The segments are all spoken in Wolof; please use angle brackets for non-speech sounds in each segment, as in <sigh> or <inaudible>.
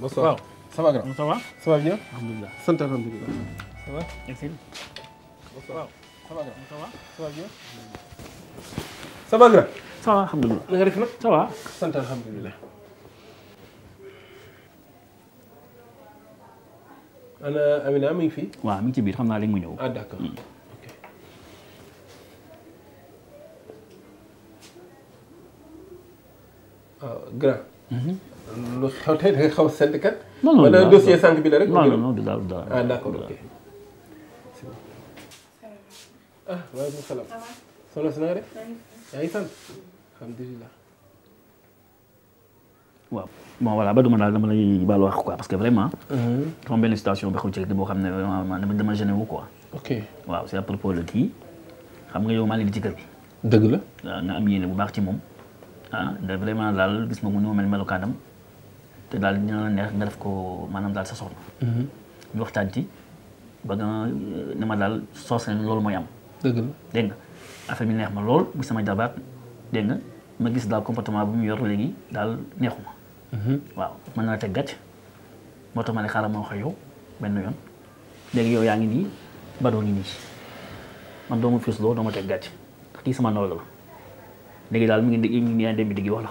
bonsoir ça va grand ça va ça va bien alhamdulilah sant alhamdulilah ça va merci bonsoir ça va grand ça va ça va bien ça va grand ça va alhamdulilah na nga def nag ça va sant alhamdulilah ana Amina mi ngi fii waaw mi ngi ci biir xam naa léegi mu ñëw ah d'accord grand lu xew tey da nga xaw a sedd kat. non non wala dossier sànq bi la rek. non non du dara du dara ah d' accord ok. ah waaleykum salaam. soxna si na nga def. yaa ngi sant. alhamdulilah. waaw bon voilà ba duma daal dama lay baal wax quoi parce que vraiment. dama benn situation bi xaw ci rek boo xam ne vraiment dama gêné wu quoi. ok waaw c' est à propos de kii xam nga yow maa ngi ci kër gi. dëgg la. waaw nga am yéene bu baax ci moom ah de vraiment daal gis nga mu nu ma mel melokaanam. te dal dina la neex nga def ko maanaam daal sa soxna. ñu mhm. waxtaan ci ba nga ne ma daal soos leen loolu mooy am. dëgg la dégg nga affaire bi neex ma lool bu sama jabaat dégg nga ma gis daal comportement bu mu yor léegi daal neexuma. Mhm. waaw mën na la teg gàcc ma ne xaaral ma wax yow yoon yow man ma fës loo doo ma teg gàcc ndax sama nawla la dal daal mi ngi mi ngi nii dem bi wax la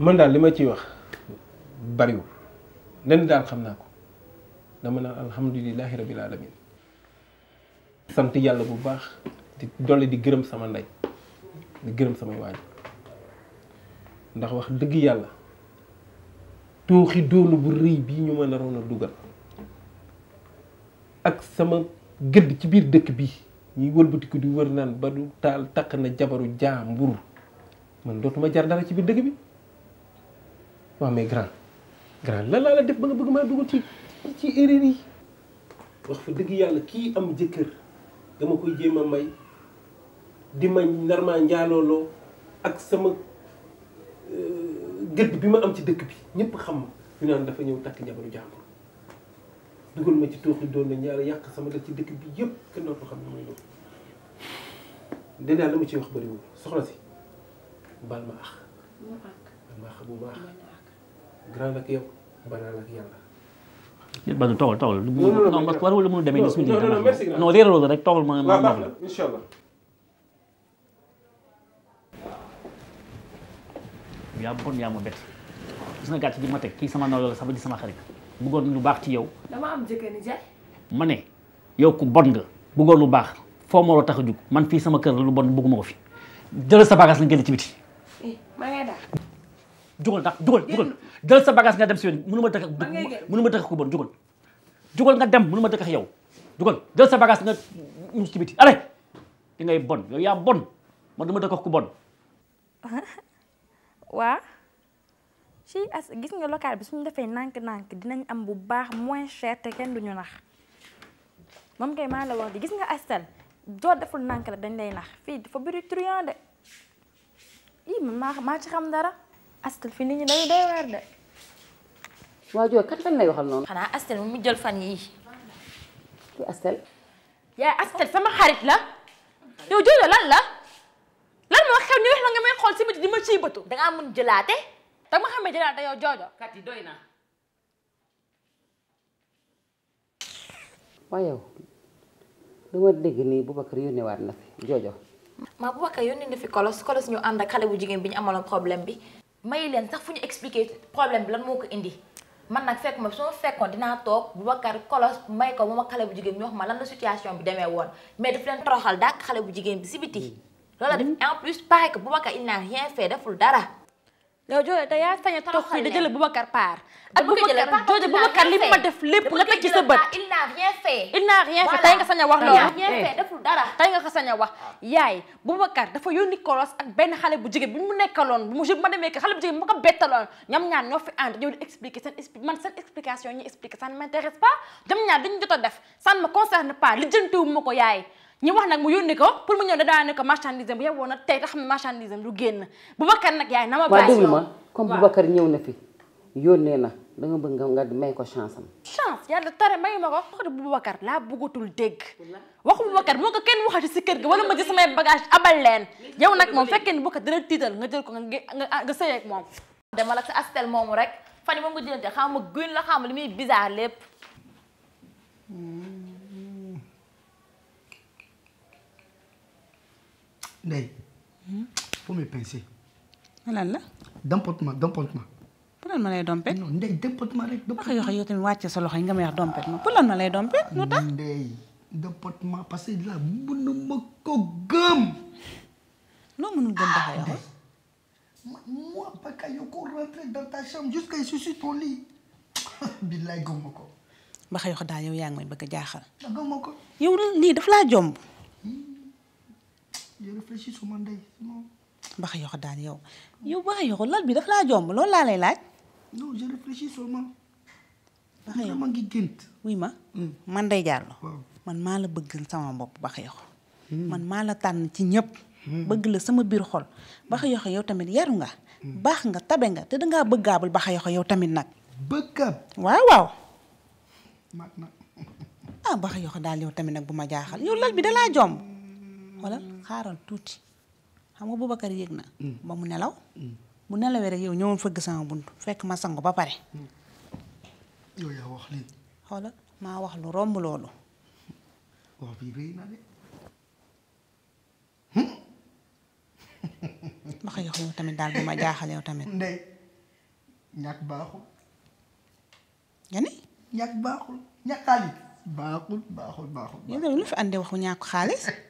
man daal li ma ciy wax bariwul lenn daal xam naa ko dama naan alhamdulilahi rabil alamin sant yàlla bu baax di dolli di gërëm sama ndey di gërëm samay waajur ndax wax dëgg yàlla tuuxi doonu bu rëy bii ñu ma naroon a dugal ak sama gëdd ci biir dëkk bi ñuy wëlbatiku di wër naan ba du taal takk na jabaru jaambur man dootuma jar dara ci biir dëkk bi waaw mais grand grand lan laa la def ba nga bëgg maa dugal ci ci erreur wax fa dëgg yàlla kii am jëkkër dama koy jéem a may di ma nar maa njaalooloo ak sama euh, gëdd bi ma am ci dëkk bi ñëpp xam ma ñu naan dafa ñëw takk jabaru jàmbur dugal ma ci tooxi doon na ñaar yàq sama def ci dëkk bi yëpp kenn dootu xam ne mooy loolu dinaa la ma ciy wax bëriwul soxna si baal ma ax baal ma ax bu baax grand ak yow banaan ak yàlla. yéen ba toogal toogal. non parce que war wala mënu demee nii suñu non non merci non réeraloo la rek toogal ma ma ma la yaa bon yaa ma bett gis na gàtt gi ma teg kii sama nawla la sama di sama xarit bëggoon lu baax ci yow. dama am ma ne yow ku bon nga bëggoon lu baax foo moo la tax a jug man fii sama kër la lu bon bëgguma ko fi jëlal sa bagage la génn ci biti. Eh, jël sa bagage nga dem si yoon mënu ma dëkk munu ma dëkk ko bon jugal jugal nga dem munu ma dëkk yow jugal jël sa bagage nga ñu biti allez di ngay bon yow ya bon man duma dëkk bon <laughs> wa ci as gis nga local bi suñu defé nank nank dinañ am bu baax moins cher te kenn duñu nax mom kay maa la wax di gis nga astel do deful nank la dañ lay nax fi fa bari truand de i ma ma ci xam dara astel fii nit ñi dañu doy de waa jooy kat lan lay waxal noonu. xanaa Astel mu jël fan yii. kii Astel. yaay Astel sama xarit la. yow joojo lan la. lan moo xew ni wax la nga may xool si biti di ma ciy bëtu. da ngaa jëlaate. da nga ma xam ne jëlaate yow joojo. kat yi doy na. waaye yow dama dégg nii na fi joojo. maa Boubacar yónnee na fi kolos kolos ñu ànd ak xale bu jigéen bi ñu amaloon problème bi. may leen sax fu ñu expliqué problème bi lan moo ko indi. man nag fekk ma soo ma fekkoon dinaa toog bu Boubacar kolos may ko moom ak xale bu jigéen ñu wax ma lan la situation bi demee woon mais daf leen toroxal dàq xale bu jigéen bi si biti. Mm. loolu la mm. en plus pareil que Boubacar il n'a rien fait deful dara. yow jooju te yaa sañ a toog fii da jël Boubacar paar. ak Boubacar jooju Boubacar li ma def lépp nga teg ci sa bët. il n'a rien fait. il n'a rien fait tey nga sañ wax loolu. dara tey nga ko sañ a wax. yaay Boubacar dafa yónni kolos ak benn xale bu jigéen bi mu nekkaloon bu ma demee xale bu jigéen bi ma ko bettaloon ñoom ñaar ñoo fi ànd ñëw di expliquer seen expli man seen explication ñu expliquer ça ma m'intéresse pas ñoom ñaar dañu jot def ça ma me concerne pas lijjantiwu ma ko yaay ñu wax nak mu yoni ko pour mu ñëw da daa ne ko marchandise bu yewona tay tey nga xam ne marchandise du génn bakkar nak yaay nama baax ma comme bu bakkar ñëw na fi yoné na da nga bëgg nga may ko chance chance yàlla tare may mako ko bu bakkar la bëggatul dégg waxu Boubacar moo ko kenn waxati ci kër ga wala ma jël samay bagage abal leen yow nak mom fekkee ni Boubacar dara tital nga jël ko nga nga sëy ak mom demal ak sa astel moomu rek fani mo ngi jënté xam ma guin la xam limi bizarre lépp ndey foo may pincé. lan la. dampotement dampotement. pour lan ma lay dompet. non ndey dampotement rek. dampotement wax yoo xam yow tamit wàcce sa loxo yi nga pour lan ma lay dompet. lu ndey dampotement parce que la mënuma ko gëm. loo mënul gëm dafa yoo xam daal yow yaa ngi may bëgg jaaxal. yow lii daf laa jomb. di réfléchir suma ndey non bax yox daan lal bi daf laa jomb loolu laa lay laaj non je réfléchis seulement ma ngi oui ma man day jàllo hmm. man la hmm. bëggal sama bopp bax yox man maa la tànn ci ñëpp bëgg la sama biir xol bax yox yow tamit yaru nga hmm. baax nga tabe nga te dangaa bëggaabul bax yox yow tamit nag bëggaab waaw waaw na ah bax yox daal yow tamit nag bu jaaxal yow lal bi dalaa jomb xoolal mm. xaaral tuuti xam nga Boubacar yéeg na mm. ba mu nelaw bu mm. nelawee rek yow ñëwoon fëgg sama bunt fekk ma sangu ba pare yow yaa wax maa wax lu romb loolu wax bii hmm? <laughs> yow tamit daal bu ma jaaxal yow tamit ndey ñàkk baaxul nga ni ñàkk fi andi waxu ñàkk xaalis <laughs>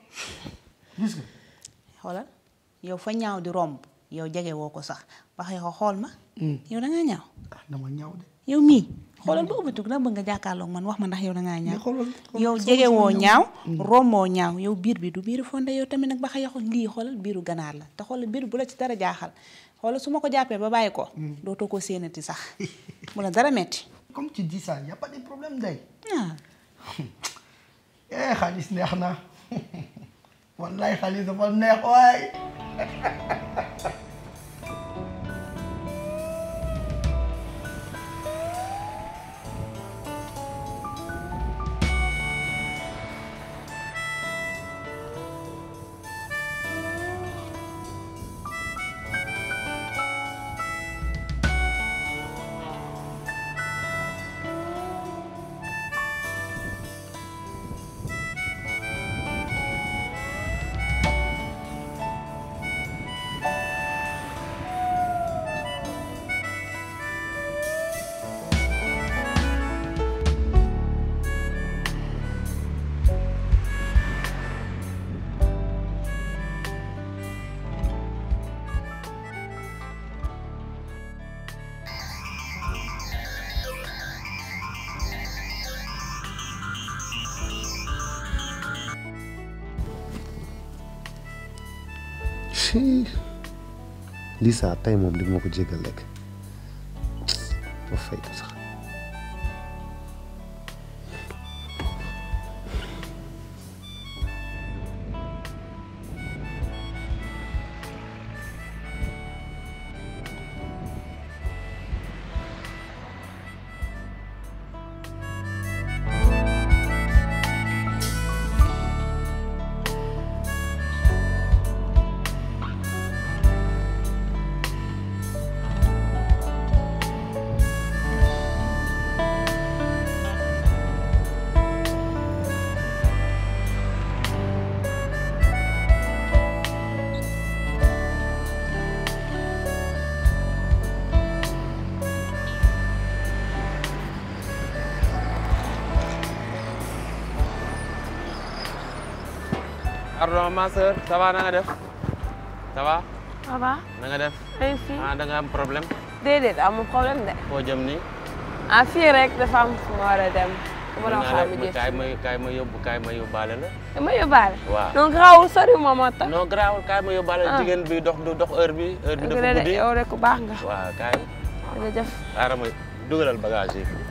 gis nga. xoolal yow fa ñaaw di romb yow jege woo ko sax wax ko xool ma. Hmm. yow da ngaa ñaaw. ah dama ñaaw yow mii xoolal hmm. ba ubbi tugg bëgg nga jàkkaarloog man wax ma ndax yow dangaa ngaa ñaaw. yow jege woo ñaaw. Hmm. romboo ñaaw yow biir bi du biiru fonde yow tamit nag ba xëy lii xoolal biiru ganaar la te xoolal biir bu la ci dara jaaxal xoolal su ma ko jàppee ba bàyyi ko. dootoo ko séenati sax <laughs> mu la dara metti comme tu dis a pas ah. <laughs> eh, xaalis neex na. <laughs> wallaay xaalis dafa neex waay <laughs> Lisa tey moom di ko jégal ba fay ko Ardo ma sœur ça va na nga def ça va. ça va. na nga def. réussi ah da nga am problème. déedéet amul problème de. foo jëm nii. ah fii rek dafa am fu ma war a dem. ma doon xaar mu jëf kaay ma kaay ma yóbbu kaay ma yóbbaale la. ma yóbbaale. waaw non garaawul sori moom moo tax. non garaawul kaay ma yóbbaale ah. jigéen bi dox du dox heure bi heure bi dafa guddi. yow rek ku baax nga. waaw kaay. jërëjëf. xaaral ma dugalal bagage yi.